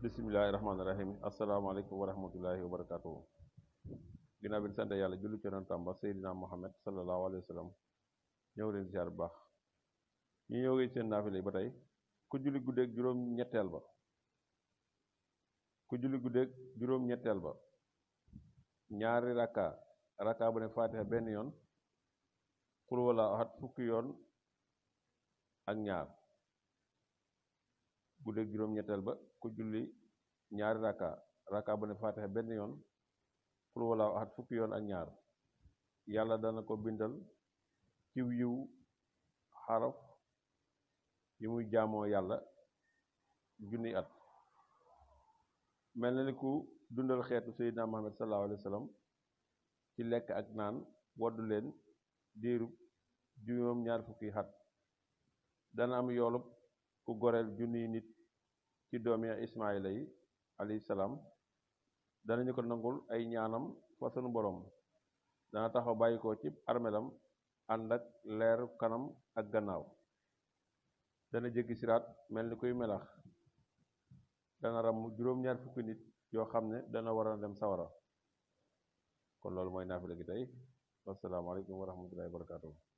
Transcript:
bisimilahi rahmaani rahim asalaamaaleykum wa rahmatullahi wa barakatuhu ginnaaw bi sant yàlla julli ci yonent tàmba Seydina Muhammad sallallahu alayhi wa sallam ñëw leen ziar bu baax ñu ñëwee seen naafila ba tey ku julli guddeeg juróom ñetteel ba ku julli guddeeg ba ñaari rakka rakka bu ne faatiha benn yoon xul wala ahad fukki yoon ak ñaar bu dee juróom-ñetteel ba ku julli ñaari raka raka bu ne faatixa benn yoon pour walaaw axat fukki yoon ak ñaar yàlla dana ko bindal ciw yiw xaraf yi muy jaamoo yàlla junni at mel na ni ku dundal xeetu seydina muhammad sallallahu alayhi ci lekk ak naan waddu leen diirub juróom ñaar fukki xat dana am yoolub ku goreel junniy nit ci doomi Ismaayila yi alayhi salaam danañu ko nangul ay ñaanam fa boroom borom dana taxaw bàyyi ko ci armelam ànd ak leeru kanam ak gannaaw dana jéggi siraat mel ni kuy melax dana ram juróom-ñaar fukki nit yoo xam ne dana war a dem sawara kon loolu mooy naafila gi tey wasalaamaaleykum wa rahmatullahi wa barakatuh